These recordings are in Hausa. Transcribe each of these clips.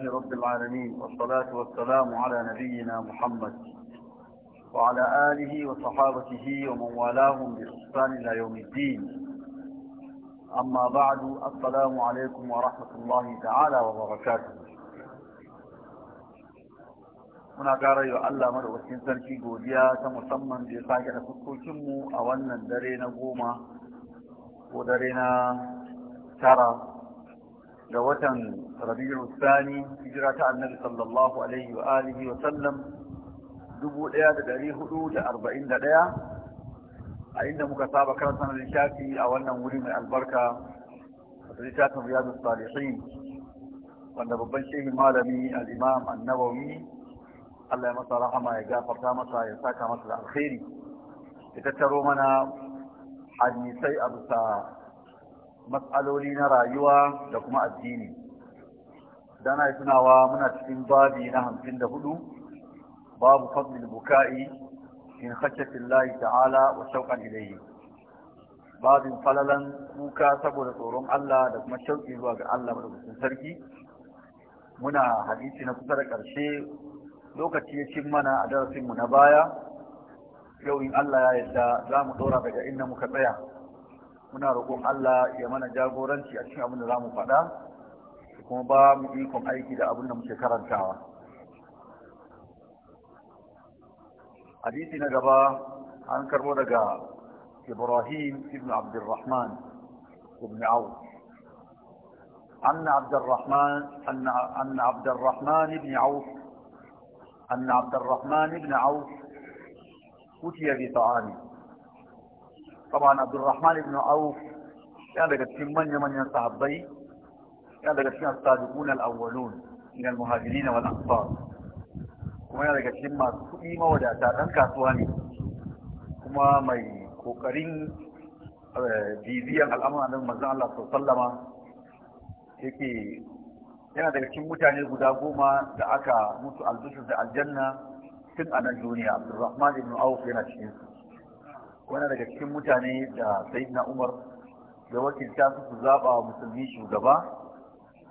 لله رب العالمين والصلاة والسلام على نبينا محمد وعلى آله وصحابته ومن والاهم بإحسان إلى يوم الدين أما بعد السلام عليكم ورحمة الله تعالى وبركاته muna ƙara yi الله Allah madawacin sarki godiya ta musamman da ya sake da fuskokinmu a wannan dare na goma ko dare na tara ga watan rabi'u sani hijira ta annabi sallallahu alaihi wa alihi wa sallam 1441 a inda muka saba karanta na shafi a wannan wuri mai albarka a littafin riyadu salihin wanda babban shehin malami alimam imam Allah ya masa rahama ya gafarta masa ya saka masa da alkhairi ya tattaro mana hadisai a bisa matsaloli na rayuwa da kuma addini dana tunawa muna cikin babi na hamsin da hudu babu fadlil buka'i in khashyati Allah ta'ala wa shauqan ilayhi babin falalan kuka saboda tsoron Allah da kuma shauƙi zuwa ga Allah madaukakin sarki muna hadisi na kusa da ƙarshe lokaci ya cin mana a darasinmu na baya yau in Allah ya yadda za mu ɗora daga inda muka tsaya muna roƙon Allah ya mana jagoranci a cikin abin da za mu faɗa kuma ba mu ikon aiki da abin da muke karantawa hadisi na gaba an karbo daga ibrahim ibn abdurrahman ibn auf أن عبد الرحمن أن أن عبد الرحمن بن عوف أن عبد الرحمن بن عوف أتي بطعام طبعا عبد الرحمن بن عوف يعني daga cikin manya-manyan sahabbai yana daga cikin as-sabiqun al-awwalun min al-muhajirin wal ansar kuma yana daga cikin masu kuɗi mawadata dan kasuwa ne kuma mai kokarin eh, bibiyan al'amuran nan manzon Allah sallama yake yana daga cikin mutane guda goma da aka mutu al albushir da aljanna tun a nan duniya Abdulrahman ibn Auf yana cikin su wani daga cikin mutane da sayyidina umar ya wakilta su su zaɓa wa musulmi shugaba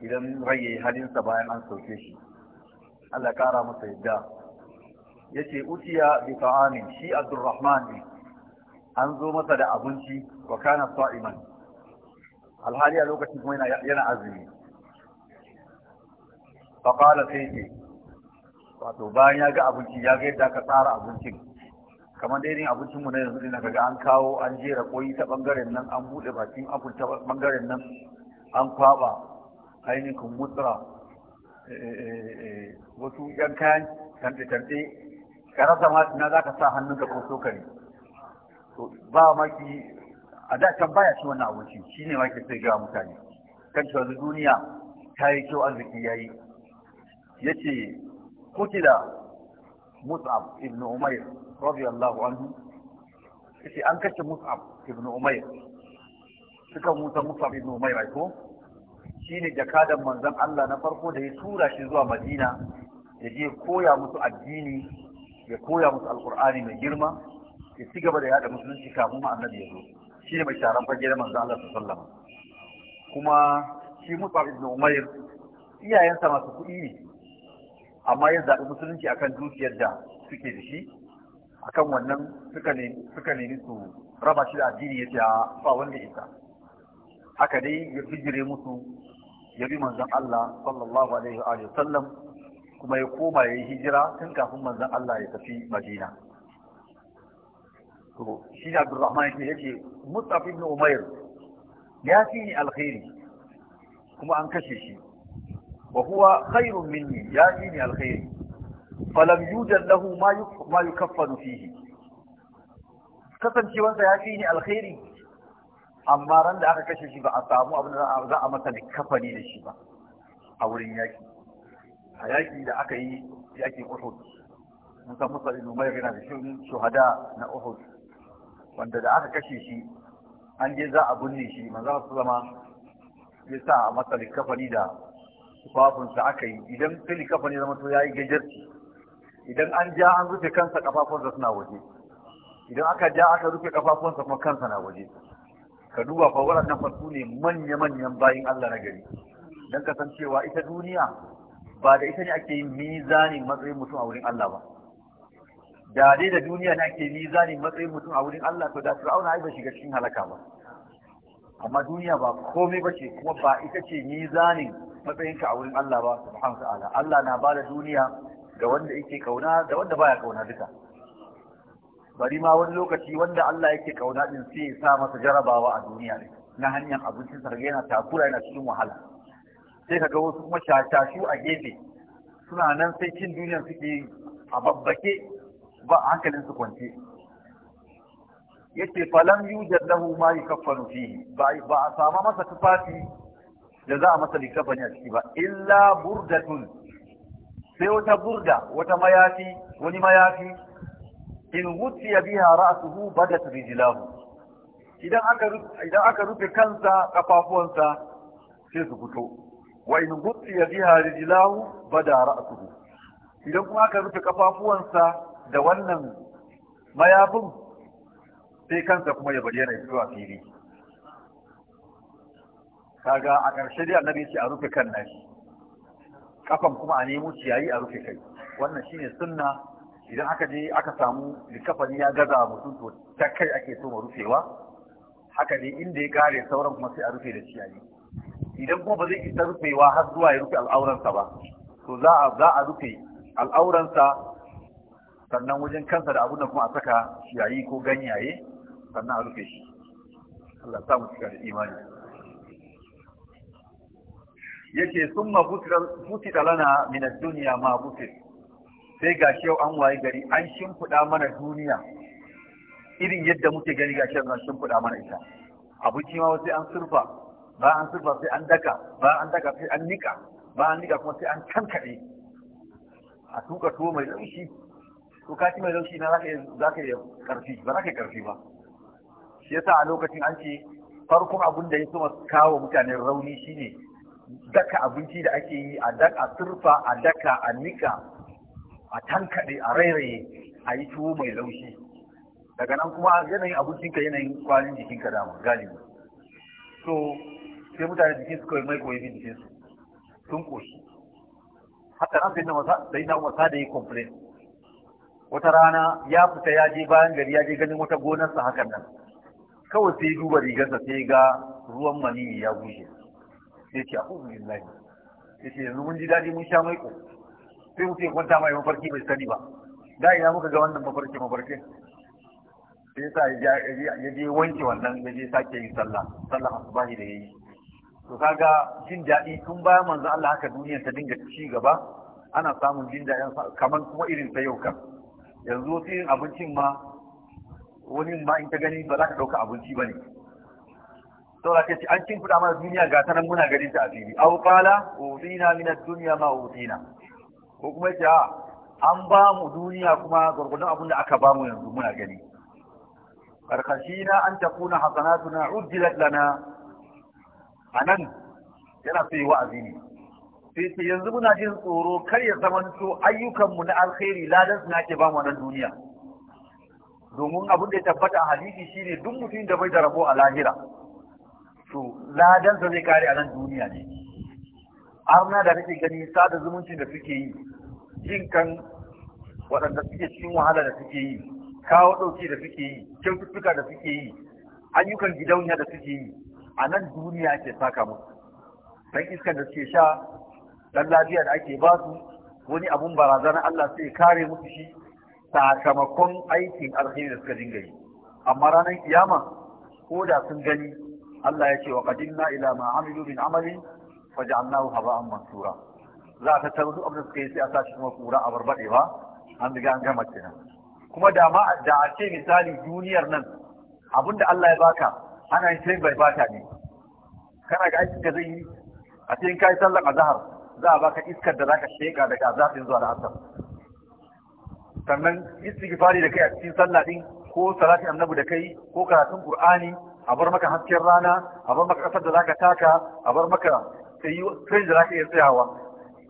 idan rage halinsa bayan an sauke shi Allah ƙara masa yadda ya ce utiya bi ta'amin shi abdurrahman ne an zo masa da abinci wa kana sa'iman alhali a lokacin kuma yana azumi faƙala sai ce wato bayan ya ga abinci ya ga yadda aka tsara abincin kamar dai abincin mu na yanzu dina, kaga an kawo an jera koyi ta bangaren nan an bude bakin abin ta bangaren nan an kwaba ainihin mutsira eh, eh, eh, wasu yan kayan tante-tante karasa ma na za ka sa hannunka ko sokari to ba maki a da can baya ci wannan abinci shi ne maki sai gawa mutane kan cewa duniya ta yi kyau arziki ya yi ya ce da Mutsa ibn umair radiyallahu anhu yace an kashe Mus'ab ibn Umayr suka musa Mus'ab ibn Umayr ai ko shine jakadan manzon Allah na farko da ya tura shi zuwa Madina ya je koya musu addini ya koya musu Alkur'ani mai girma ya ci gaba da yada musulunci kafin annabi ya zo shine mai sharan fage da manzon Allah sallallahu alaihi kuma shi Mus'ab ibn Umayr iyayensa masu kuɗi ne amma ya zaɓi musulunci akan dukiyar da suke da shi akan wannan suka ne suka nemi su raba shi da addini ya a ba wanda isa haka dai ya bijire musu ya bi manzon Allah sallallahu alaihi wa sallam kuma ya koma ya yi hijira tun kafin manzon Allah ya tafi Madina to shi da Abdurrahman yake yace Mus'ab ibn Umair ya fi ni alkhairi kuma an kashe shi wa huwa khairun minni ya fi ni alkhairi falam yujad lahu ma ma yukaffanu fihi kasancewansa ya fi ni alkhairi amma ran da aka kashe shi ba a samu abin da za a masa kafani da shi ba a wurin yaki a yaki da aka yi yaki Uhud mun san Musa ibn Umayr yana da shirin shuhada na Uhud wanda da aka kashe shi an je za a binne shi manzo su zama ya sa a masa kafani da tufafinsa aka yi idan kafani zama to yayi gajarci idan an ja an rufe kansa kafafunsa suna waje idan aka ja aka rufe kafafunsa kuma kansa na waje ka duba fa waɗannan fasu ne manya-manyan bayin Allah na gari don kasancewa ita duniya ba da ita ne ake yin mizanin matsayin mutum a wurin Allah ba da dai da duniya ne ake mizanin matsayin mutum a wurin Allah to da Fir'auna ai ba shiga cikin halaka ba amma duniya ba komai ba ce kuma ba ita ce mizanin matsayinka a wurin Allah ba subhanahu wa ta'ala Allah na ba da duniya ga wanda yake kauna da wanda baya kauna duka bari ma wani lokaci wanda Allah yake kauna din sai ya sa masa jarabawa a duniya ne na hanyar abincin sarge yana takura yana cikin wahala sai ka ga wasu kuma shashashu a gefe suna nan sai cin duniyar suke a babbake ba hankalin su kwance yace falam yujad lahu ma yukaffanu fihi ba a sama masa tufafi da za a masa likafani a ciki ba illa burdatun sai wata burda wata mayafi wani mayafi in wutsiya biha ra'suhu badat rijlahu idan aka idan aka rufe kansa kafafuwansa sai su fito wa in ya wutsiya biha rijlahu bada ra'suhu idan kuma aka rufe kafafuwansa da wannan mayafin sai kansa kuma ya bayyana ya fito a fili kaga a ƙarshe dai annabi ya ce a rufe kan nashi kafan kuma a nemo ciyayi a rufe kai wannan shine sunna idan aka je aka samu likafani ya gaza mutum to ta kai ake so mu rufewa haka ne inda ya kare sauran kuma sai a rufe da ciyayi idan kuma ba zai isa rufewa har zuwa ya rufe al'auransa ba to za a za a rufe al'auransa sannan wajen kansa da abun da kuma a saka ciyayi ko ganyaye sannan a rufe shi Allah ya sa mu cika da imani yace summa futida lana min duniya ma butit sai ga yau an waye gari an shimfuda mana duniya irin yadda muke gani ga shi an shimfuda mana ita abinci ma sai an surfa ba an surfa sai an daka ba an daka sai an nika ba an nika kuma sai an kankare a tuka tuwo mai laushi to ka ci mai laushi na za ka yi karfi ba za ka yi karfi ba shi yasa a lokacin an ce farkon abin da ya kawo mutane rauni shine daka abinci da ake yi a daka turfa a daka a nika a tankaɗe a rairaye a yi tuwo mai laushi daga nan kuma yanayin abincinka yanayin kwalin jikinka dama galibi so sai mutane jikin su kawai mai koyi jikin su sun koshi hatta nan sai na sai na wasa da yi complain wata rana ya fita ya je bayan gari ya je ganin wata gonarsa hakan nan kawai sai duba rigarsa sai ga ruwan maniyi ya bushe sai ce a'udhu billahi sai ce yanzu mun ji daɗi mun sha maiko sai mu sai kwanta mai mafarki bai sani ba da ina muka ga wannan mafarki mafarki sai yasa ya je wanke wannan ya je sake yin sallah sallah asubahi da yayi to kaga jin daɗi tun bayan wanzu Allah haka duniyar ta dinga ci gaba ana samun jin daɗin kamar kuma irin ta yau kan yanzu sai yin abincin ma wani ma in ta gani ba za ka ɗauka abinci ba ne saboda ce, an cin kuɗa mana duniya ga nan muna ganin ta a fili aw qala utina min ad-dunya ma utina ko kuma ce an ba mu duniya kuma gurgurdan abin da aka ba mu yanzu muna gani karkashina an takuna hasanatuna ujjilat lana anan yana sai wa'azi ne sai ce yanzu muna jin tsoro kar ya zamanto ayyukanmu na alkhairi ladan na ke ba mu nan duniya domin abin da ya tabbata a hadisi shine duk mutum da bai da rabo a lahira to ladansa zai kare a nan duniya ne na da kake gani sada zumuncin da suke yi jin kan waɗanda suke cikin wahala da suke yi kawo ɗauki da suke yi kyaututtuka da suke yi ayyukan gidauniya da suke yi a nan duniya ke saka musu dan iskan da suke sha dan lafiya da ake ba su wani abun barazanar Allah sai kare musu shi sakamakon aikin alheri da suka dinga yi amma ranar kiyama ko da sun gani Allah ya ce wa qadimna ila ma amilu min amalin faj'alnahu haba'an mansura za ta taru duk abin da suka yi sai a shi kuma kura a barbadewa an riga an gama kenan kuma da ma da a ce misali duniyar nan abinda Allah ya baka ana yin sai bai bata ne kana ga aikin ka zai yi a cikin kai sallar azhar za a baka iskar da zaka sheka daga azafin zuwa al'asar sannan istighfari da kai a cikin sallah din ko salati annabi da kai ko karatun qur'ani a bar maka hasken rana a bar maka kasar da zaka taka a bar maka tsayi da zaka iya tsayawa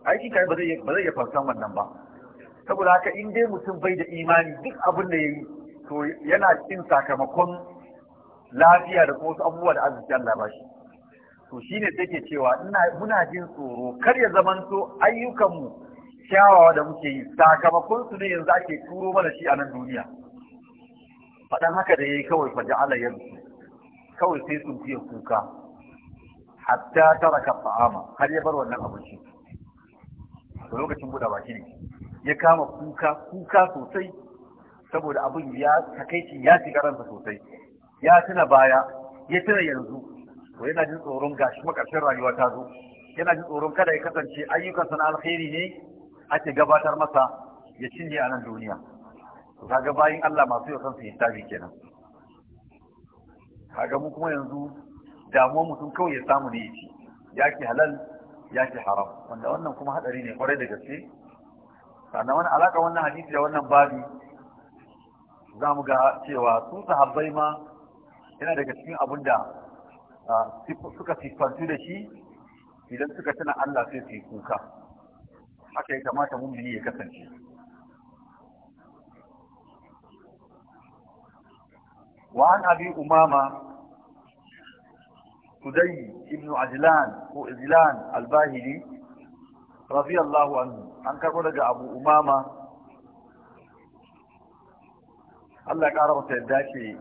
aikin kai ba zai ba zai fansan wannan ba saboda haka in dai mutum bai da imani duk abin da yayi to yana cin sakamakon lafiya da kuma abubuwa da arziki Allah ba shi to shine take cewa ina muna jin tsoro kar ya zamanto ayyukanmu kyawawa da muke yi sakamakon su ne yanzu ake turo mana shi a nan duniya faɗan haka da yayi kawai fa ja'ala yanzu kawai sai sun fiye kuka hatta taraka ta'ama har ya bar wannan abinci to lokacin buɗa baki ne ya kama kuka kuka sosai saboda abin ya takaici ya shiga ransa sosai ya tuna baya ya tuna yanzu to yana jin tsoron gashi makarshen rayuwa ta zo yana jin tsoron kada ya kasance ayyukan sana alkhairi ne ake gabatar masa ya cinye a nan duniya to kaga bayin Allah masu yawan kansu hisabi kenan kaga mu kuma yanzu damuwar mutum kawai ya samu ne yake ya ke halal ya ke haram wanda wannan kuma hadari ne kwarai da gaske sannan wani alaka wannan hadisi da wannan babi za mu ga cewa su sahabbai ma yana daga cikin abin da suka siffantu da shi idan suka tana Allah sai su yi kuka haka ya kamata mummuni ya kasance وعن أبي أمامة سدي ابن عجلان وإزلان الباهلي رضي الله عنه عن كقول أبو أمامة الله قال وسيداتي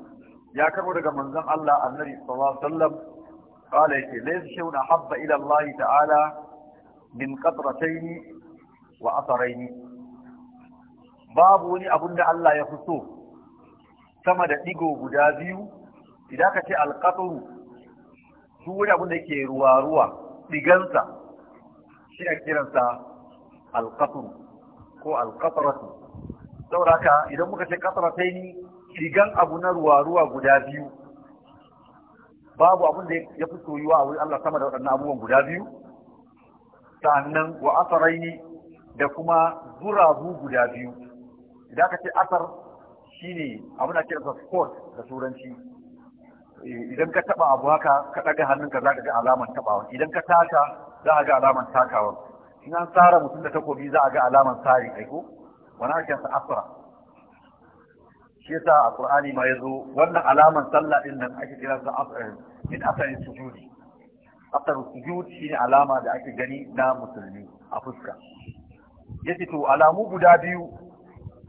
يا كقول منزم الله النبي صلى الله عليه وسلم قال ليس شيء أحب إلى الله تعالى من قطرتين وأثرين babu wani abun da Allah ya fi so sama da ɗigo guda biyu idan ka ce alqatru su wani abin da ruwa ruwa ɗigansa shi a kiransa alqatru ko alqatratu saboda haka idan muka ce ni, ɗigan abu na ruwa ruwa guda biyu babu abin da ya fi soyuwa a wurin Allah sama da waɗannan abubuwan guda biyu sannan wa asarai ni, da kuma zurabu guda biyu idan ka ce asar shine abin da kira sport da turanci idan ka taba abu haka ka daga hannunka za ka ga alaman tabawa idan ka taka za a ga alamar takawa in an tsara mutum da takobi za a ga alaman sari aiko wani ake sa asra shi yasa a qur'ani ma yazo wannan alaman sallah din nan ake kira sa asra eh, min asari sujudi asar sujud shine alama da ake gani na musulmi a fuska yace to alamu guda biyu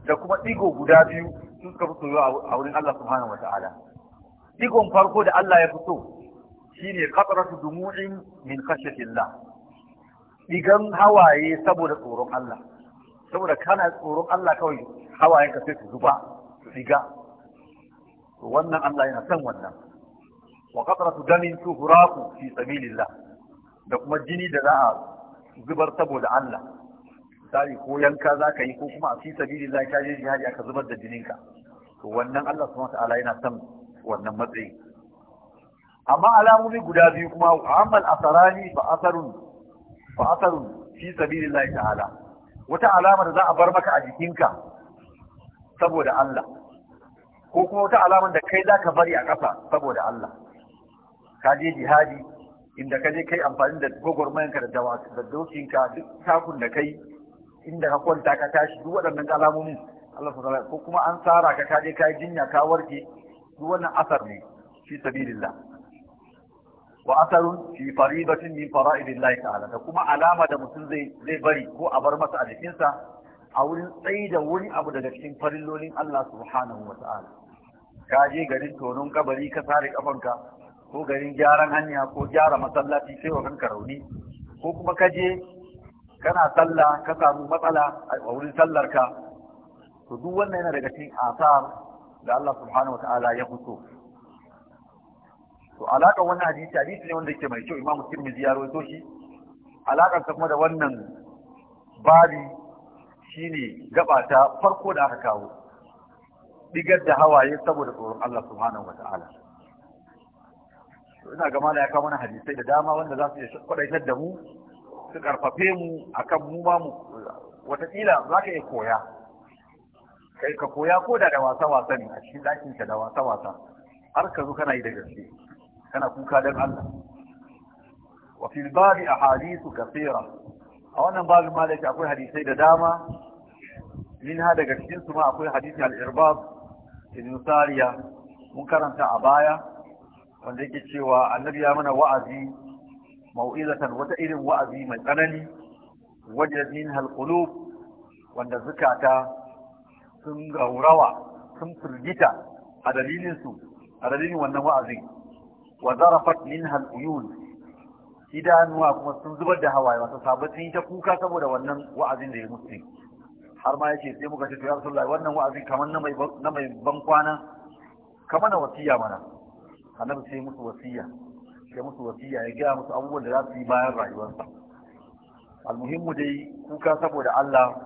da kuma digo guda biyu su suka fi soyuwa a wurin Allah subhanahu wa ta'ala digon farko da Allah ya fi so shine qatratu dumu'in min khashyatillah digan hawaye saboda tsoron Allah saboda kana tsoron Allah kawai hawayenka sai su zuba su diga wannan Allah yana son wannan wa su qatratu damin tuhraku fi sabilillah da kuma jini da za a zubar saboda Allah misali ko yanka za ka yi ko kuma a biyu sabilillah ka je jihadi aka zubar da jininka to wannan Allah mata ala yana son wannan matsayi amma alamomi guda biyu kuma amal asarani fa asarun fa asarun fi ta ta'ala wata alama da za a bar maka a jikinka saboda Allah ko kuma wata alama da kai za ka bari a ƙasa saboda Allah ka je jihadi inda ka je kai amfani da gwagwarmayanka da dawakinka duk takun da kai inda ka kwanta ka tashi duk waɗannan alamomin Allah subhanahu ko kuma an tsara ka ka je ka yi jinya ka warke duk wannan asar ne fi sabilillah wa asarun fi faridatin min fara'idillahi ta'ala da kuma alama da mutum zai zai bari ko a bar masa a jikinsa a wurin tsayi da wani abu daga cikin farillolin Allah subhanahu wa ta'ala ka je garin tonon kabari ka sare kafanka ko garin gyaran hanya ko gyara masallaci sai wa kanka rauni ko kuma ka je kana sallah ka samu matsala a wurin sallar ka to duk wannan yana daga cikin asar da Allah subhanahu wataala ya fito to alaka wannan hadisi hadisi ne wanda ke mai kyau Imam Tirmidhi ya rawaito shi alakar ta kuma da wannan babi shine gaba ta farko da aka kawo digar da hawaye saboda tsoron Allah subhanahu wataala ina ga mala ya kawo mana hadisai da dama wanda za su iya kwadaitar da mu su karfafe mu akan mu ma mu watakila za ka iya koya kai ka koya ko da da wasa wasa ne a cikin ɗakin ka da wasa wasa har ka zo kana yi da gaske kana kuka don Allah wa fil babi ahadithu kathira a wannan babin ma akwai hadisai da dama min ha daga cikin su ma akwai hadisi al-irbab ibn sariya mun karanta a baya wanda yake cewa annabi ya mana wa'azi mau'izatan wata irin wa'azi mai tsanani wajen min halqulub wanda zukata sun gaurawa sun firgita a dalilin su a dalilin wannan wa'azin wa zarafat min halquyun idanuwa kuma sun zubar da hawaye wasu sabatin ta kuka saboda wannan wa'azin da ya musu har ma yace sai muka ce to ya rasulullahi wannan wa'azin kamar na mai na mai ban kwana kamar na wasiya mana annabi sai musu wasiya ya musu wasiya ya gaya musu abubuwan da za su yi bayan rayuwarsa almuhimmu dai kuka saboda Allah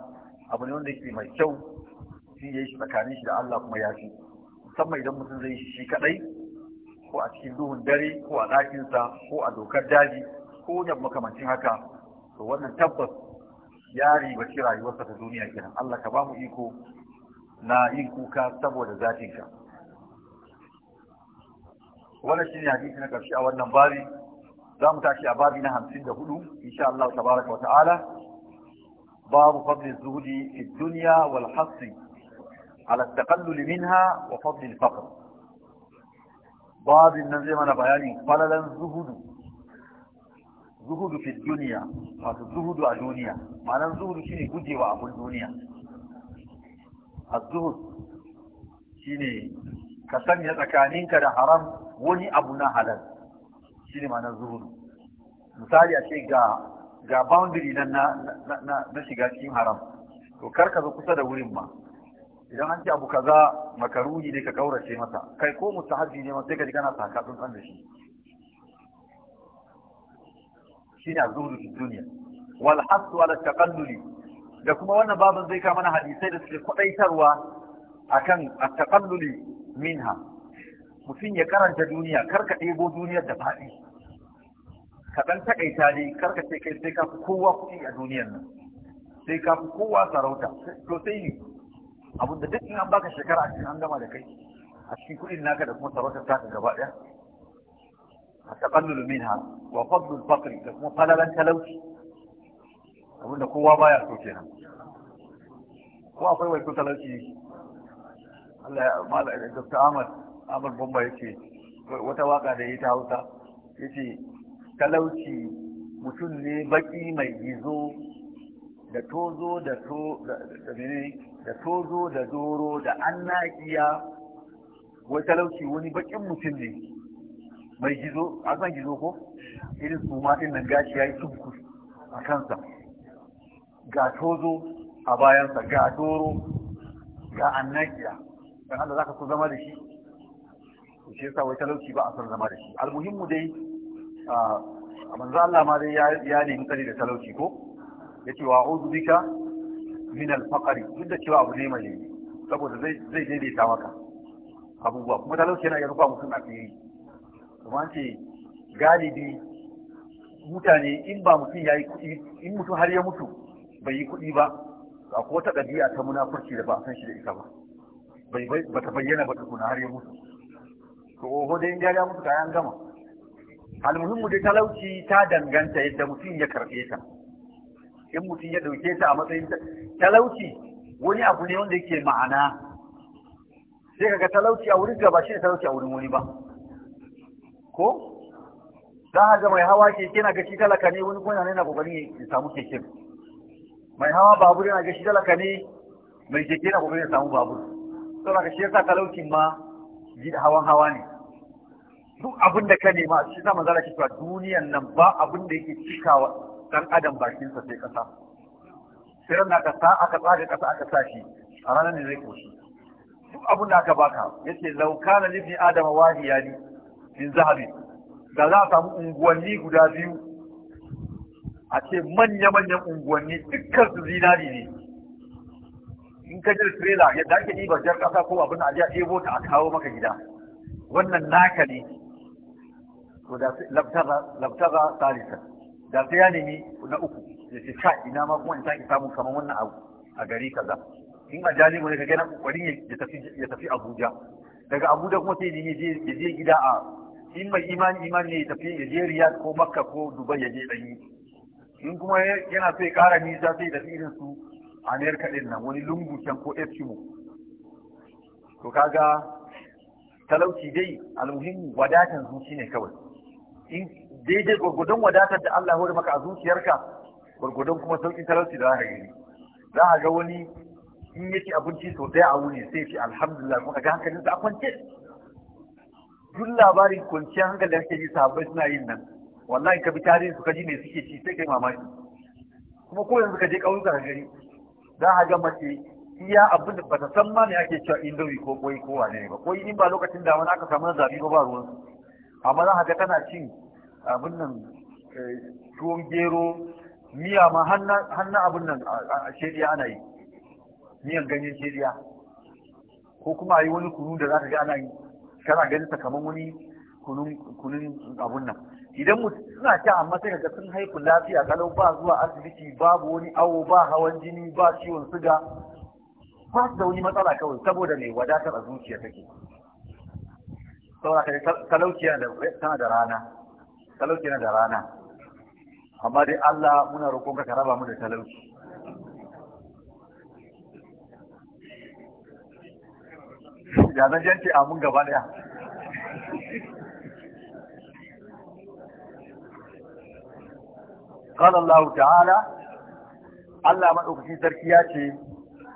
abu ne wanda yake mai kyau shi ya yi shi tsakanin shi da Allah kuma ya fi musamman idan mutum zai shi shi kadai ko a cikin duhun dare ko a ɗakinsa ko a dokar daji ko da makamancin haka to wannan tabbas ya ribaci rayuwarsa ta duniya kenan Allah ka ba mu iko na yin kuka saboda zatinka shi ne hadisi na karshe a wannan babi za mu tashi a babi na hamsin da hudu insha Allah tabaraka wa ta'ala babu fadli zuhudi fi dunya wal hasri ala taqallul minha wa fadli al faqr babin nan zai mana bayani falalan zuhudu zuhudu fi dunya wato zuhudu a duniya ma'anar zuhudu shine gujewa abun duniya az-zuhud shine ka sanya tsakaninka da haram wani abu na halal shi ne ma'anar zuhudu misali a ce ga ga boundary na na shiga cikin haram to kar ka zo kusa da wurin ma idan an ce abu kaza makaruni ne ka kaurace masa kai ko mustahabi ne ma sai ka ji kana saka tsantsan da shi shine azhudu fi dunya wal hasu ala taqalluli da kuma wannan babin zai kama mana hadisai da suke kwadaitarwa akan at-taqalluli minha mutum ya karanta duniya kar ka ɗebo duniyar da faɗi ka ɗan taƙaita ne kar ka ce kai sai ka fi kowa kuɗi a duniyar nan sai ka fi kowa sarauta to sai ne abin da duk in an baka shekara a cikin an gama da kai a cikin kuɗin naka da kuma sarautar taka gaba ɗaya a taƙallulu ha wa fadlul fakri da kuma falalan talauci abin da kowa baya so kenan ko akwai wai ko talauci Allah ya mala da Dr. Ahmad bomba Bamba ce, wata waka da ya ta Hausa ce, talauci mutum ne baki mai gizo da tozo da da mene da tozo da doro da annakiya wai talauci wani bakin mutum ne mai gizo a zan gizo ko irin su matin nan gashi ya yi tunku a kansa ga tozo a bayansa ga doro ga annakiya dan za ka so zama da shi shi yasa wai talauci ba a san zama da shi almuhimmu dai a manzo Allah ma dai ya nemi tsari da talauci ko yace wa a'udhu bika min al faqr duk da cewa abu ne mai saboda zai zai daidaita maka abubuwa kuma talauci yana iya rufa mutum a tsiri. kuma ce galibi mutane in ba mutum ya yi kuɗi in mutum har ya mutu bai yi kuɗi ba akwai wata ɗabi'a ta munafurci da ba a san shi da ita ba ba ta bayyana ba tukuna har ya mutu to ho dai in mutu ta kayan gama almuhimmu dai talauci ta danganta yadda mutum ya karbe ta in mutum ya ɗauke ta a matsayin talauci wani abu ne wanda yake ma'ana sai kaga talauci a wurin gaba shi ne talauci a wurin wani ba ko za a ga mai hawa keke na gashi talaka ne wani kuma yana kokarin ya samu keke mai hawa babur yana gashi talaka ne mai keke na kokarin ya samu babur to ka shi yasa talaucin ma hawan hawa ne duk abin da ka nema shi zama zara ki cewa duniyan nan ba abin da yake cikawa dan adam bakin sa sai kasa sai da kasa aka tsaga kasa aka sa shi a ranar ne zai koshi duk abin da aka baka yace law kana li adama wahiyani min zahabi da za a samu unguwanni guda biyu a ce manya-manyan unguwanni dukkan su zinari ne in ka jira trailer yadda ake ɗiba jar ƙasa ko abin a ɗebo ta a kawo maka gida wannan naka ne to da labtaga labtaga talisa da sai ya nemi na uku ya ce ka ina ma kuma in ki samu kamar wannan abu a gari kaza in a jali mu ne kaga kokarin ya tafi ya tafi Abuja daga Abuja kuma sai ya je ya je gida a in mai imani imani ne ya tafi ya je Riyadh ko Makka ko Dubai ya je dan yi in kuma yana so ya kara nisa sai da irin su Amerika din nan wani lungu can ko Eskimo to kaga talauci dai almuhimmi wadatan zuci ne kawai in daidai gwargwadon wadatar da Allah hore maka a zuciyarka gwargwadon kuma sauƙin talauci da zaka gani za a ga wani in yake abinci sau ɗaya a wuni sai ce alhamdulillah kuma ga hankalin sa a kwance duk labarin kwanciyar hankali da kake ji sahabbai suna yin nan wallahi ka bi tarihin su ka ji me suke ci sai kai mamaki kuma ko yanzu ka je ƙauyuka ka gani za a ga mace iya abin da ba ta san ma ne ake cewa indomi ko koi ko wane ba koi in ba lokacin da wani aka samu zabi ba ba ruwan amma za ga kana cin abin nan eh, tuwon gero miya ma hannun abin nan a shediya ana yi miyan ganyen shediya ko kuma a yi wani kunu da za ka ga ana yi kana ganin ta kamar wani kunun abin nan idan suna ci amma sai ga sun haifu lafiya kalau ba zuwa asibiti babu wani awo ba hawan jini ba ciwon suga ba su da wani matsala kawai saboda mai wadatar a zuciya take saboda talauci tana da rana talauci na da rana amma dai Allah muna roƙon ka raba mu da talauci ya zan jance a mun gaba daya قال الله تعالى الله ما أكفي تركياتي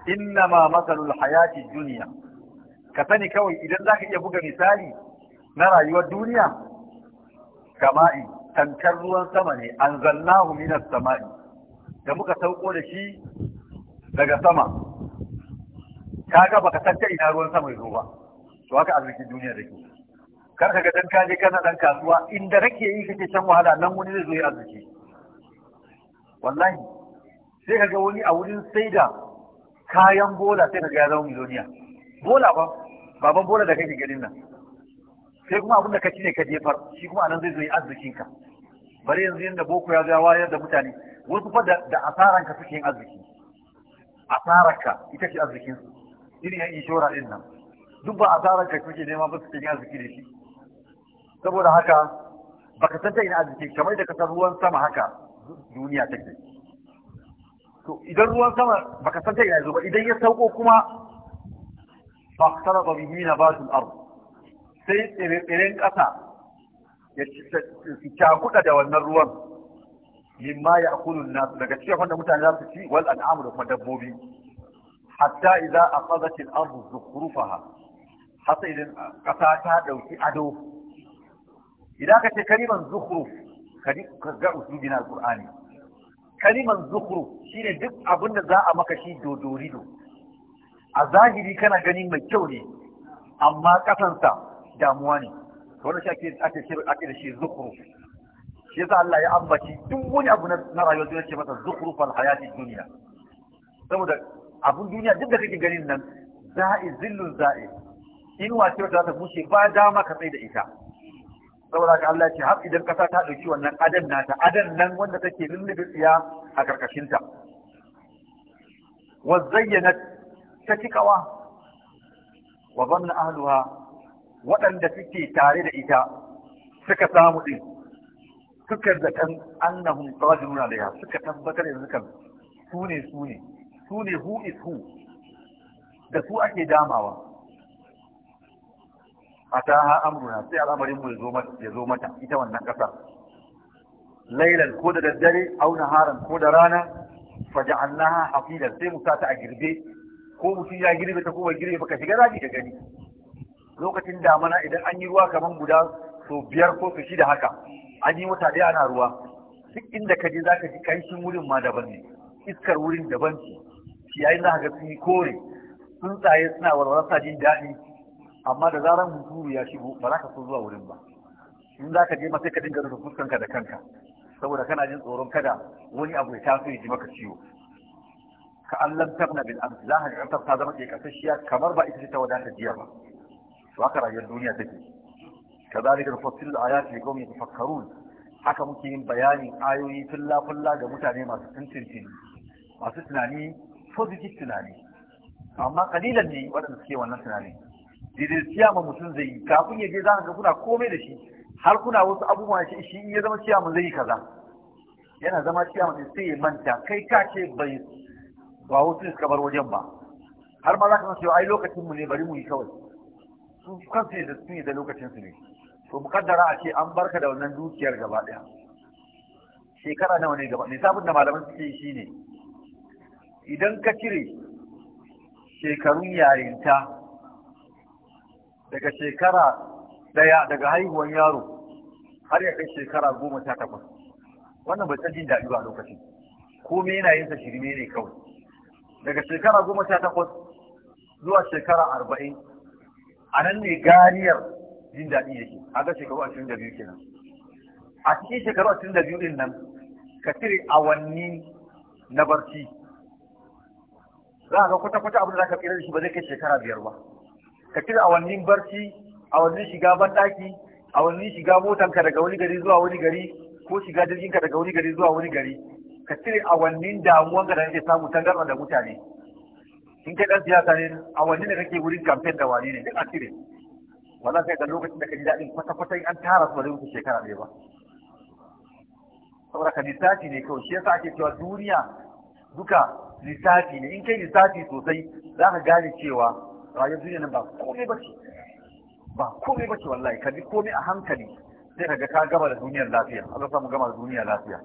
إنما مثل الحياة الدنيا كفني كوي إذا ذاك يبقى مثالي na rayuwar duniya kama'i tankar ruwan sama ne an zannahu minas sama'i da muka sauko da shi daga sama Ka ga baka san ta ina ruwan sama yazo ba to haka arzikin duniya da ke kar ka ga dan kaje kana dan kasuwa inda nake yi kake shan wahala nan wani zai zo ya arziki wallahi sai ka ga wani a wurin saida kayan bola sai ka ga ya zama miliyoniya bola ba baban bola da kake ganin nan kai kuma abin da ka ci ne ka jefar shi kuma anan zai zo yi arzikin ka bare yanzu yadda boko ya ya wayar da mutane wasu fa da asaran ka suke yin arziki asarar ka ita ce arzikin su irin yan inshora din nan duk ba asarar ka kuke nema ba suke yin arziki da shi saboda haka baka san ta ina arziki kamar da ka san ruwan sama haka duniya take to idan ruwan sama baka san ta ina zo ba idan ya sauko kuma fa kharaqa bihi nabatul ardh sai tsere-tseren ƙasa ya cakuɗa da wannan ruwan mimma ya akulun nasu daga cikin wanda mutane za su ci wal al'amu da kuma dabbobi hatta idan a fadatin arzu Ha hasa idan ƙasa ta ɗauki ado idan ka ce kaliman zukuru ka ga usulubi na alƙur'ani kaliman zukuru shine duk abin da za a maka shi dodorido a zahiri kana ganin mai kyau ne amma ƙasansa damuwa ne wannan shi ake ake shi ake da shi zukuru. shi yasa Allah ya ambaci duk wani abu na rayuwa zai ce masa zukhrufal hayati duniya. saboda abun duniya duk da kake ganin nan za'i zillun za'i in wace za ta bushe ba dama ka tsaye da ita saboda ka Allah ce har idan kasa ta dauki wannan adan nata adan nan wanda take lullube tsiya a karkashin ta wa zayyana ta cikawa wa zanna ahluha waɗanda suke tare da ita suka samu ɗin suka zaton annahum qadiruna alaiha suka tabbatar yanzu kan su ne su ne su ne who is who da su ake damawa ha amruna sai al'amarin mu ya zo mata ita wannan ƙasa lailan ko da daddare au naharan ko da rana faja'alnaha hafidan sai mu ta a girbe ko mutum ya girbe ta ko bai girbe ba ka shiga zaki ka gani lokacin damana idan an yi ruwa kamar guda so biyar ko su shida haka an yi wata ɗaya ana ruwa duk inda ka je zaka ji kanshin wurin ma daban ne iskar wurin daban ce yayin za ka ga sun yi kore tsuntsaye suna walwala jin daɗi amma da zarar hunturu ya shigo ba za ka so zuwa wurin ba in za ka je ma sai ka dinga rufe fuskanka da kanka saboda kana jin tsoron kada wani abu ya taso ya ji maka ciwo ka allam tabna bil amsi za ka ga ta zama kamar ba ita ce ta wadata jiya ba to haka rayuwar duniya take kazalika nufassilu al-ayati liqaumin yatafakkarun haka muke yin bayanin ayoyi fulla kulla ga mutane masu tuntuntuni masu tunani positive tunani amma kalilan ne waɗanda suke wannan tunani didirciya ma mutum zai yi kafin ya je za ga kuna komai da shi har kuna wasu abubuwa shi shi ya zama mun zai yi kaza yana zama ciyaman ne sai ya manta kai ka ce bai ba wasu suka bar wajen ba har ma za ka san cewa ai lokacin mu ne bari mu yi kawai su kansu da su da lokacin su ne to mukaddara a ce an barka da wannan dukiyar gaba daya shekara nawa ne gaba nisabin da malaman suke yi shine idan ka cire shekarun yarinta daga shekara daya daga haihuwan yaro har ya kai shekara goma sha takwas wannan bai san jin daɗi ba lokacin. Ko me yana yin sa shirme ne kawai daga shekara goma sha takwas zuwa shekara arba'in a nan ne ganiyar jin daɗi yake a ga shekaru ashirin da biyu kenan a cikin shekaru ashirin da biyu ɗin nan ka cire awanni na barci za ga kwata-kwata abin da za ka tsira da shi ba zai kai shekara biyar ba ka cire awannin barci awannin shiga banɗaki awannin shiga motanka daga wani gari zuwa wani gari ko shiga jirginka daga wani gari zuwa wani gari ka cire awannin damuwanka da nake samu tangarɗa da mutane in kai dan siyasa ne a wanne ne kake wurin kamfen da wani ne duk a cire wala sai ga lokacin da ka ji daɗin kwata-kwata an tara su bari wuce shekara ɗaya ba saboda ka lissafi ne kawai shi yasa ake cewa duniya duka lissafi ne in kai lissafi sosai za ka gane cewa rayuwar duniya nan ba komai ba ce ba komai ba ce wallahi ka bi komai a hankali sai ka ga ka gama da duniyar lafiya Allah samu gama da duniya lafiya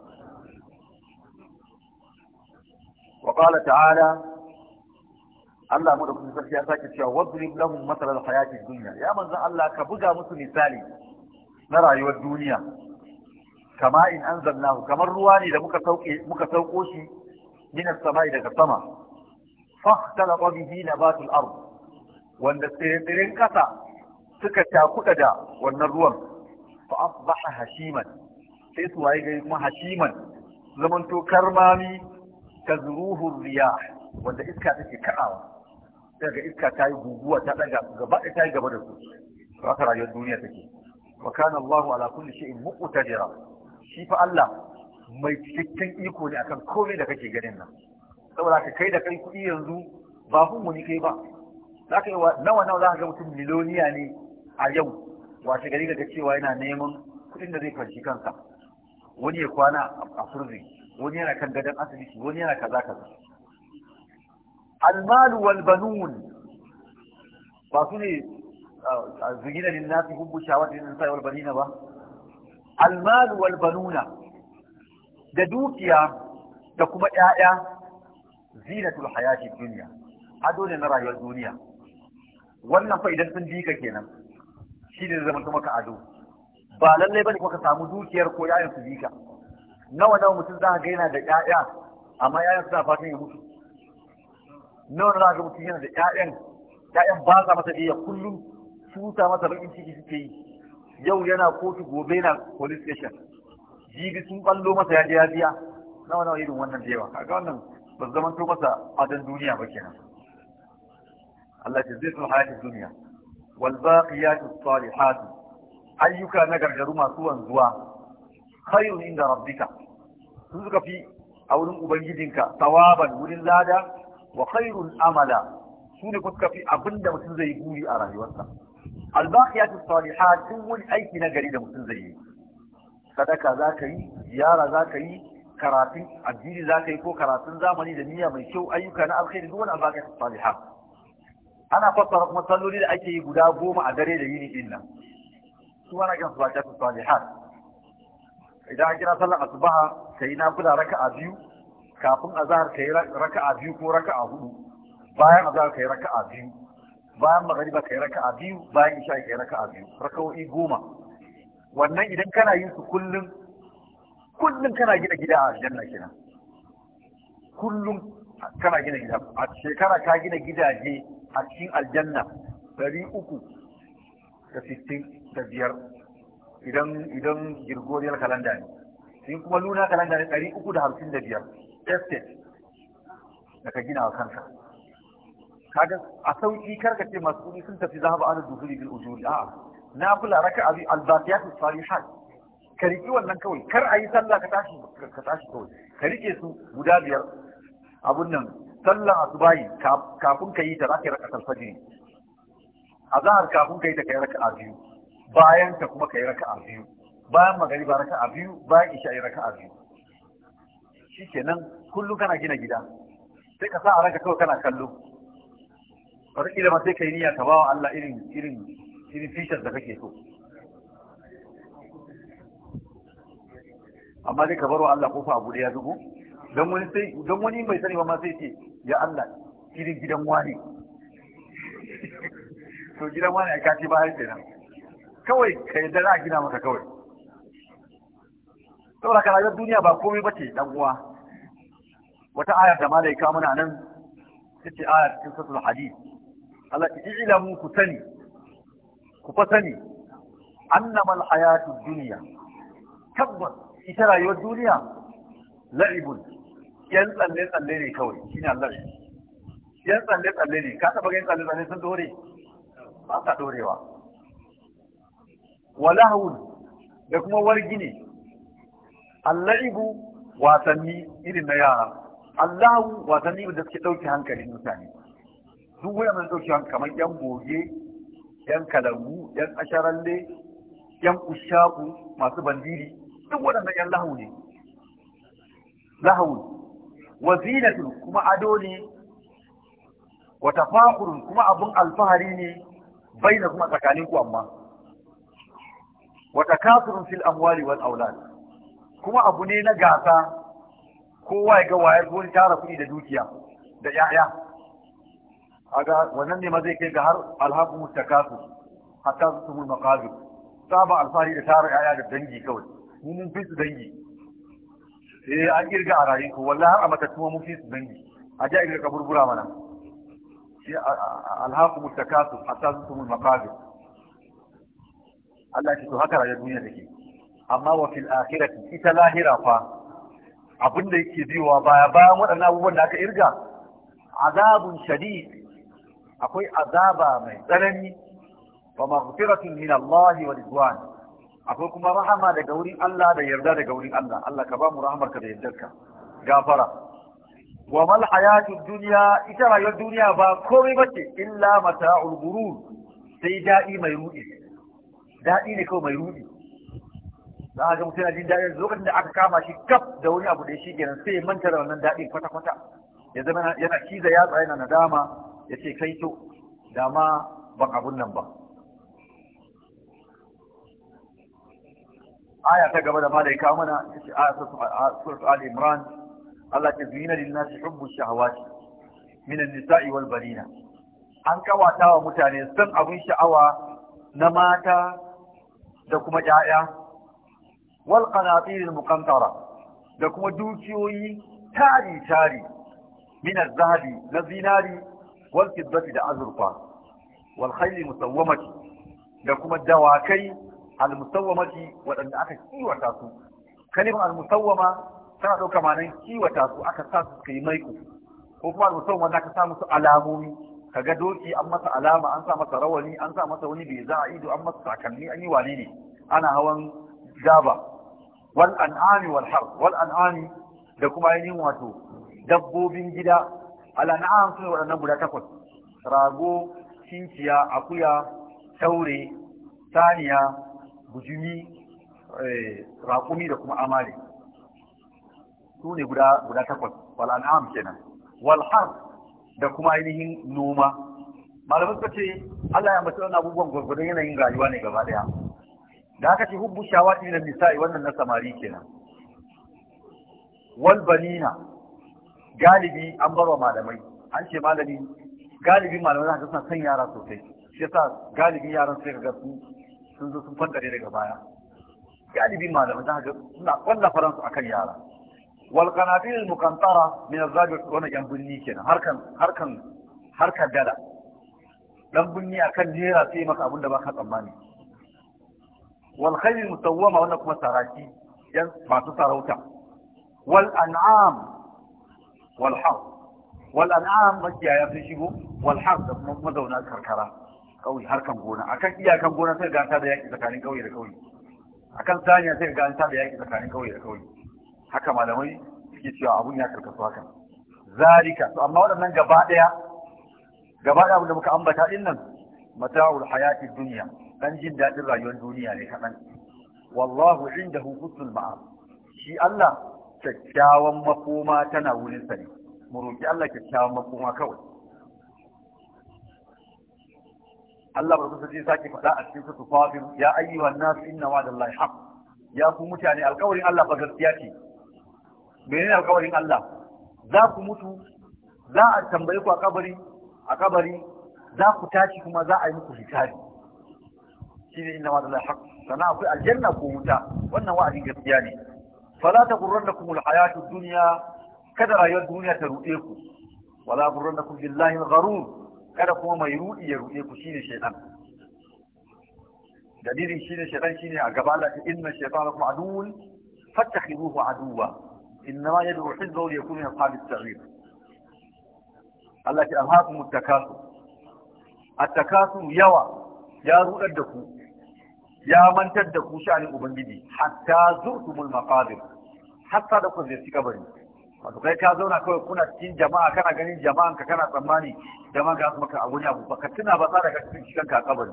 وقال تعالى Allah mu da kuma ya sake cewa wadrib lahum masalan hayatid dunya ya manzon Allah ka buga musu misali na rayuwar duniya kama in anzalnahu kamar ruwa ne da muka sauke muka sauko shi min as-sama'i daga sama fahtalaqa bihi nabatul ard wanda tsirrin kasa suka takuda da wannan ruwan fa asbaha hashiman sai su waye gai kuma hashiman zamanto karmami tazruhu riyah wanda iska take ka'awa. sai ga iska ta yi guguwa ta daga gaba ɗaya ta yi gaba da su ba ka rayuwar duniya take wa kana Allahu ala kulli shay'in muqtadira shi fa Allah mai cikakken iko ne akan komai da kake ganin nan saboda ka kai da kai kuɗi yanzu ba hun muni kai ba za ka nawa nawa za ka ga mutum miloniya ne a yau wace gari ga cewa yana neman kuɗin da zai kwanci kansa wani ya kwana a surzi wani yana kan gadon asibiti wani yana kaza kaza المال والبنون فاصلي زين للناس حب الشهوات من النساء والبنين با المال والبنون da dukiya da kuma ƴaƴa zinatul hayati duniya ado ne na rayuwar duniya wannan fa idan kenan shi ne zama maka ado ba lallai bane kuma ka samu dukiyar ko ƴaƴan su bika nawa nawa mutum za da ƴaƴa amma ƴaƴan suna fatan ya mutu nawa za ga mutum yana da ƴaƴan ƴaƴan ba sa masa biya kullum tuta masa bakin ciki suke yi yau yana kotu gobe na police station jibi sun ballo masa ya je ya biya nawa nawa irin wannan da yawa kaga wannan ba zaman to masa adan duniya ba kenan Allah ya zai sun hayatun duniya wal baqiyatu salihat ayyuka na gargaru masu wanzuwa khairun inda rabbika sun suka fi a wurin ubangijinka tawaban wurin lada wa khairul amala su ne kuka fi abinda mutum zai yi buri a rayuwarsa albaqiyatu salihat duk aiki na gari da mutum zai yi sadaka za ka yi ziyara za yi karatun addini za yi ko karatun zamani da niyya mai kyau ayyuka na alkhairi duk wani albaqiyatu salihat ana fassara kuma salloli da ake yi guda goma a dare da yini din nan su ana kan salatu salihat idan an kira sallar asuba sai na kula raka'a biyu kafin azahar ka yi raka'a biyu ko raka'a hudu bayan azahar ka yi raka'a biyu bayan magariba ka yi raka'a biyu bayan isha ka yi raka'a biyu raka'o'i goma wannan idan kana yin su kullum kullum kana gina gida a aljanna kenan kullum kana gina gida a shekara ka gina gidaje a cikin aljanna ɗari uku da sittin da biyar idan idan girgoriyar kalanda ne in kuma luna kalanda ne ɗari uku da hamsin da biyar estate da ka gina wa kanka kaga a sauki karka ce masu kuɗi sun tafi zahaba ana dukuri bil ujuri a'a na fula raka abi albaqiyatu salihat ka riƙe wannan kawai kar a yi sallah ka tashi ka tashi kawai ka riƙe su guda biyar abun nan sallan subayi kafin ka yi ta za ka yi raka salfajiri zahar kafin ka yi ta ka yi raka a biyu bayan ka kuma ka yi raka a biyu bayan magariba raka a biyu bayan isha yi raka a biyu nan, kullum kana gina gida sai ka sa a ranka kawai kana kallo wataƙila ma sai ka yi niyya ka ba wa Allah irin irin irin fishar da kake so amma dai ka bar wa Allah kofa a buɗe ya zubo don wani sai don wani sani ba ma sai ce ya Allah irin gidan wani to gidan wani a kaci ba har nan. kawai ka yadda za a gina maka kawai saboda ka rayuwar duniya ba komai ba ce dan uwa wata ayar da malaika muna nan ta ce ayar cikin sasul hadith Allah ki ilamu ku sani ku fa sani annamal hayatud dunya tabbas ita rayuwar duniya la'ibun yan tsalle tsalle ne kawai shine Allah yan tsalle tsalle ne ka taba ganin tsalle tsalle sun dore ba ka dorewa walahun da kuma wargi ne Allahibu wasanni irin na yara Allahu wasanni da suke ɗauke hankalin mutane duk wani mai ɗauke hankali kamar yan goge yan kalangu yan asharalle yan ushaku masu bandiri duk waɗanda yan lahu ne lahu wazinatu kuma ado ne wa tafahurun kuma abin alfahari ne baina kuma tsakanin ku amma wa takasurun fil amwali wal aulad kuma abu ne na gasa kowa ya ga wayar ni tara kuɗi da dukiya da yaya aga wannan ne ma zai kai ga har alhaqu mustakasu hatta zutumul maqabir saba alfari da tara 'ya'ya da dangi kawai mu mun fi su dangi eh an kirga a ko wallahi har a kuma mun fi su dangi a ja irga kaburbura mana shi alhaqu mustakasu hatta zutumul maqabir Allah ya to haka rayuwar duniya take amma wa fil akhirati ita lahira fa abin da yake biyowa baya bayan waɗannan abubuwan da aka irga azabun shadid akwai azaba mai tsanani wa maghfiratun min Allah wa ridwan akwai kuma rahama daga wurin Allah da yarda daga wurin Allah Allah ka ba mu rahamarka da yardarka gafara wa mal hayatud dunya ita rayuwar duniya ba komai bace illa mata'ul ghurur sai daɗi mai rudi daɗi ne kawai mai rudi za haka ga mutum jin daɗin lokacin da aka kama shi kaf da wani abu da shi kenan sai manta da wannan daɗin kwata-kwata ya zama yana da yatsa yana nadama ya ce kai to dama ban abun nan ba aya ta gaba da ma da ya kawo mana ita ce aya ta su ali imran Allah ke zuyina lil nasi hubbu shahawati min an-nisa'i wal barina an kawata wa mutane san abun sha'awa na mata da kuma 'ya'ya. wal qanatir al muqantara da kuma dukiyoyi tari tari min na zinari wal da azurfa wal khayl musawwamati da kuma dawakai al musawwamati wadanda aka kiwata su kalimar al musawwama tana dauka ma'anar kiwata su aka sa su kai maiko ko kuma al musawwama aka sa musu alamomi doki an masa alama an sa masa rawani an sa masa wani bai za a ido an masa takalmi an yi wane ne ana hawan gaba wal an'ami wal har wal an'ami da kuma yin wato dabbobin gida al an'am sun waɗannan guda takwas rago cinciya akuya taure saniya bujumi eh, raƙumi da kuma amali su ne guda guda takwas wal an'am kenan wal har da kuma yin noma malamai suka ce Allah ya mace wannan abubuwan gwargwadon yanayin rayuwa ne gaba daya da haka ce hubbu shawati na nisa'i wannan na samari kenan wal banina galibi an barwa malamai an ce malami galibin malamai za ka suna san yara sosai shi yasa galibin yaran sai ga su sun zo sun fandare daga baya galibin malamai za ka suna kwalla faransu akan yara wal qanabil muqantara min azabi wannan yan bunni kenan harkan harkan harkar dala dan bunni akan jera sai maka abinda baka tsammani wal khayl musawwama wannan kuma saraki yan masu sarauta wal an'am wal har wal an'am makiyaya sun shigo wal da kuma mazauna karkara kauye harkan gona akan iyakan gona sai ga ta da yaki tsakanin kauye da kauye akan saniya sai ga ta da yaki tsakanin kauye da kauye haka malamai suke cewa abun ya karkasu hakan zalika to amma waɗannan gaba abin da muka ambata din mata'ul hayatid duniya. dan jin daɗin rayuwar duniya ne kaɗan wallahu inda husnul ma'ab shi Allah kyakkyawan makoma tana wurin sa ne mu roƙi Allah kyakkyawan makoma kawai Allah ba kusa sai sake faɗa a cikin su fafir ya ayyuhan nas inna "Wa wa'dallahi haqq ya ku mutane alƙawarin Allah ba gaskiya ce menene alƙawarin Allah za ku mutu za a tambaye ku a kabari a kabari za ku tashi kuma za a yi muku hisabi shi ne inna wa'ada haq sana akwai aljanna ko wuta wannan wa'adin gaskiya ne fala taghurrannakum alhayatu dunya kada rayuwar duniya ta ruɗe ku wala ghurrannakum billahi algharur kada kuma mai ruɗi ya ruɗe ku shine shaytan dalilin shine shaytan shine a gaba Allah inna shaytana kuma aduwwun fattakhiduhu aduwwa innama yad'u hizbahu liyakuna min ashabis sa'ir Allah ya alhaqu muttakasu at-takasu yawa ya rudar da ku ya mantar da ku sha'anin ubangiji hatta zurtumul maqabir hatta da ku ziyarci kabari wato kai ka zauna kawai kuna cikin jama'a kana ganin jama'an ka kana tsammani jama'an ka maka a wani abu baka tuna ba tsara ka cikin cikin ka kabari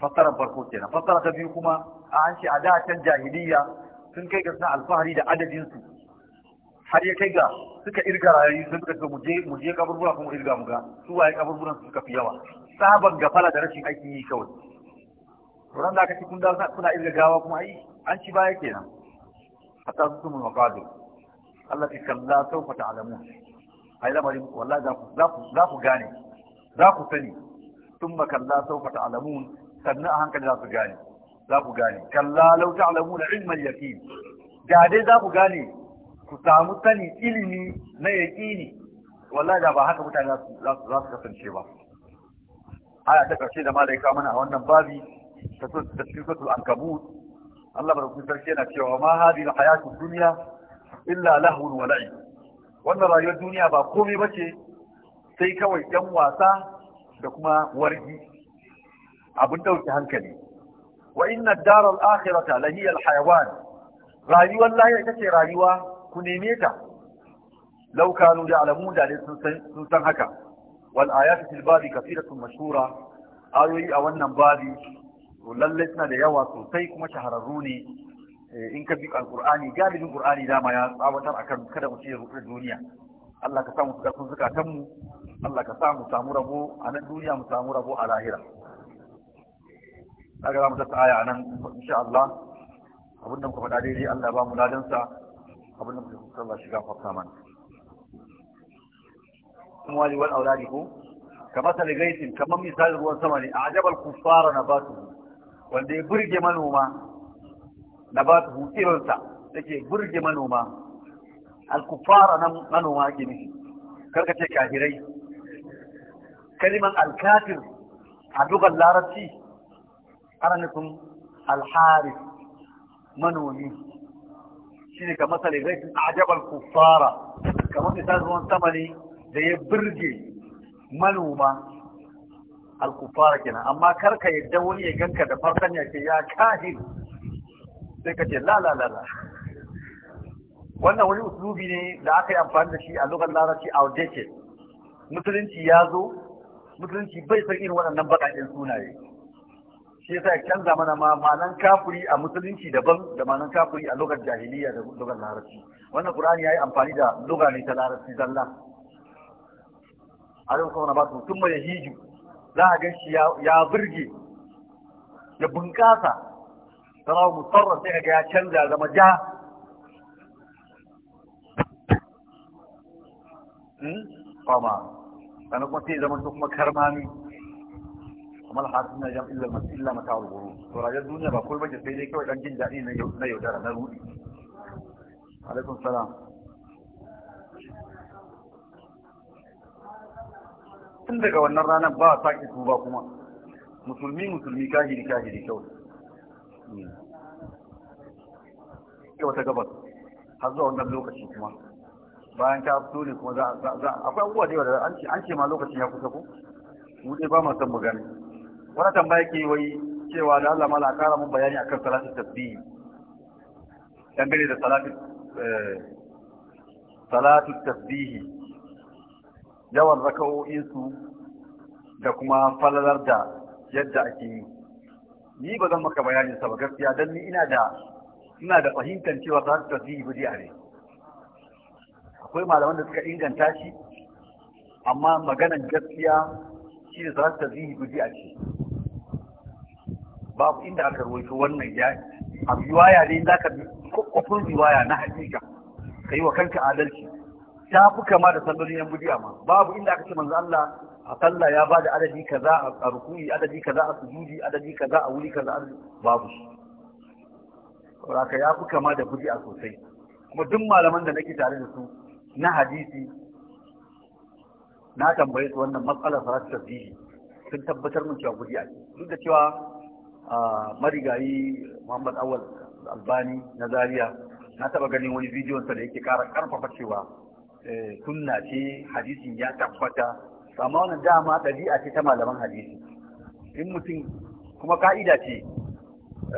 fassara farko kenan fassara ta biyu kuma a an ce a da can jahiliya sun kai ga suna alfahari da adadin su har ya kai ga suka irga rayayi sun suka mu je mu je kaburbura kuma irga mu ga su waye kaburburan suka fi yawa saban gafala da rashin aikin yi kawai ran da aka ci kun da kuna irga gawa kuma ai an ci baya kenan hatta su mun maqadir Allah ta kalla sawfa alamu ai lamarin wallahi za ku za ku za ku gane za ku sani thumma kalla sawfa alamu sannan a hankali za ku gane za ku gane kalla law da ilmal yaqin da dai za ku gane ku samu sani ilimi na yaqini wallahi da ba haka mutane za su kasance ba aya ta karshe da malaika mana a wannan babi ta suratul ankabut Allah barkun sarki yana cewa ma hadi al hayatud duniya illa lahwun wa la'ib wannan rayuwar duniya ba komai bace sai kawai yan wasa da kuma wargi abin dauke hankali wa inna ad-dar akhirata la hiya al-hayawan rayuwar lahiya ita ce rayuwa ku neme ta law kanu ya'lamun da sun san haka wal ayatu fil babi kathiratun mashhura ayoyi a wannan babi to lalle suna da yawa sosai kuma shahararru ne eh, in ka bi alqur'ani galibin qur'ani dama ya tsawatar akan kada mu ya rufe duniya Allah ka samu karfin zukatanmu Allah ka samu samu rabo a nan duniya mu samu rabo a lahira daga za mu tattara aya nan insha Allah abin da muka faɗa daidai Allah ba mu ladansa abin da muka kusa Allah shiga fafsa mana kuma wali wal auladi ko kamar saligaiti kamar misalin ruwan sama ne a ajabal kuffara na batu wanda ya burge manoma na ba su irinsa da ke burge manoma alkufara na manoma ake nufi karka ce kafirai kaliman alkafir a lugar larabci ana nufin alharif manomi shi ne kamar sa zai ajabar kufara kamar misalin ruwan sama ne da ya burge manoma al kenan amma kar ka yadda wani ya ganka da farkon ya ce ya kahin sai ka ce lalala wannan wani usulubi ne da aka yi amfani da shi a lugar larabci wadace musulunci ya zo musulunci bai san irin waɗannan baƙaƙen sunaye shi yasa ya canza mana ma malan kafuri a musulunci daban da malan kafuri a lokacin jahiliya da lokacin larabci wannan qur'ani yayi amfani da lugar ne ta larabci zalla a lokacin ba su tumma yahiju za a gan shi ya birge, ya bunƙasa tana musarra sai ga ya canza zama ja hmm? Kama, sana kuma sai zama su kuma karmami kamar hasin na jam'in illa mata ruburu to rayuwar duniya ba kulbace sai dai kawai dan jin daɗi na yaudara na rudi alaikum salam tun daga wannan ranar ba a sake tuba kuma musulmi musulmi kahiri kahiri kyau kyau ta gabas har zuwa wannan lokaci kuma bayan ta fito ne kuma za a akwai abubuwa da yawa da an ce ma lokacin ya kusa ko mu dai ba mu mu gani wani tambaya ke wai cewa da Allah mala kara mun bayani akan salatin tasbihi dangane da salatin eh, salatin yawan raka'o'insu da kuma falalar da yadda ake yi ni ba zan maka bayanin sa ba gaskiya dan ni ina da ina da fahimtar cewa za su fi bidi a rai. akwai malaman da suka inganta shi amma maganan gaskiya shi da za su tafi bidi a ce babu inda aka rawaito wannan ya a riwaya ne za ka bi kwakwafin riwaya na hakika ka yi wa kanka adalci ta fi kama da sallolin yan bidiya ma babu inda aka ce manzo Allah a sallah ya bada adadi kaza a rukuni, adadi kaza a sujudi adadi kaza a wuri kaza babu shi saboda ya fi kama da bidiya sosai kuma duk malaman da nake tare da su na hadisi na tambaye su wannan matsalar salat tasbihi sun tabbatar mun cewa bidiya ce duk da cewa marigayi Muhammad Awal Albani na Zaria na taba ganin wani bidiyon sa da yake kara karfafa cewa Eh, sunna ce hadisin ya tabbata amma wannan dama ɗabi'a ce ta malaman hadisi in mutum kuma ka'ida ce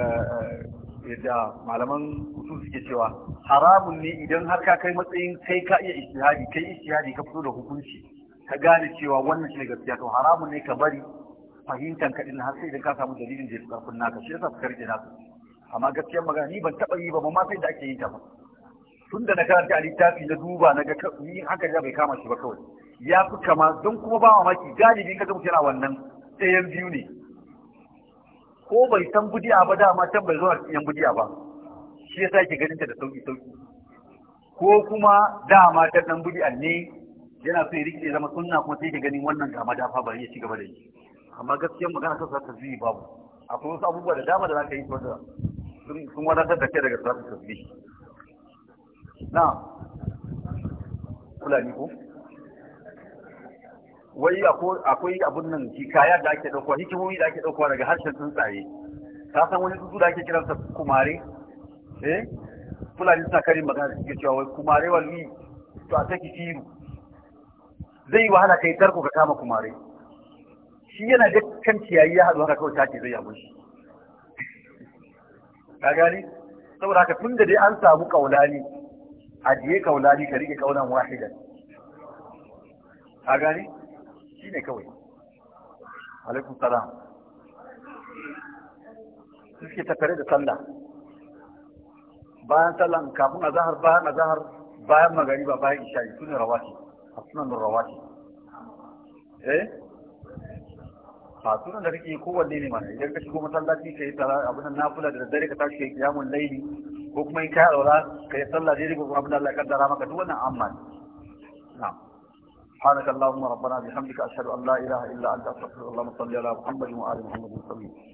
eh, eh, da malaman usul suke cewa haramun ne idan har ka kai matsayin kai ka iya istihadi kai istihadi ka fito da hukunci ka gane cewa wannan ne gaskiya to haramun ne ka bari fahimtan ka din har sai idan ka samu dalilin da ya fi karfin naka shi yasa ka rike naka amma gaskiyar magana ni ban taɓa yi ba ma sai da ake yin ta ba tun da na karanta a littafi na duba na ga ni haka ja bai kama shi ba kawai ya fi kama don kuma ba wa maki galibi ka zama yana wannan ɗayan biyu ne ko bai san gudiya ba dama can bai zuwa cikin gudiya ba shi sa ke ganin ta da sauki sauki ko kuma dama ta ɗan gudiya ne yana so ya rike zama sunna kuma sai ke ganin wannan ga dafa ba ya ci gaba da yi amma gaskiyar magana ta zata zuyi babu akwai wasu abubuwa da dama da za ka yi wanda sun wadatar da ke daga zata tasbihi na fulani ko wai akwai abun nan kaya da ake ɗaukowa hikimomi da ake ɗaukowa daga harshen tsuntsaye ka san wani tsuntsu da ake kiransa kumare eh fulani suna karin magana suke cewa wai kumare walwi to a saki firu zai yi wahala kai tarko ka kama kumare shi yana da kan ciyayi ya haɗu haka kawai take zai yabo shi ka gani saboda haka tun da dai an samu kaulani ajiye kaulani ka rike kaulan wahida Ka gani shi ne kawai alaikun salam suke tattare da sallah bayan sallah kafin azahar bayan azahar bayan ba bayan isha su rawati a sunan rawati eh a sunan da rike eh? kowanne ne mana idan ka shigo masallaci ka yi abin nafula da daddare ka tashi ka yi kiyamun laili ko kuma in ka aura ka yi sallah daidai ko kuma abin da Allah ya kaddara maka duk wannan amma ne na'am سبحانك اللهم ربنا بحمدك أشهد أن لا إله إلا أنت أستغفرك اللهم صل على محمد وآل محمد وسلم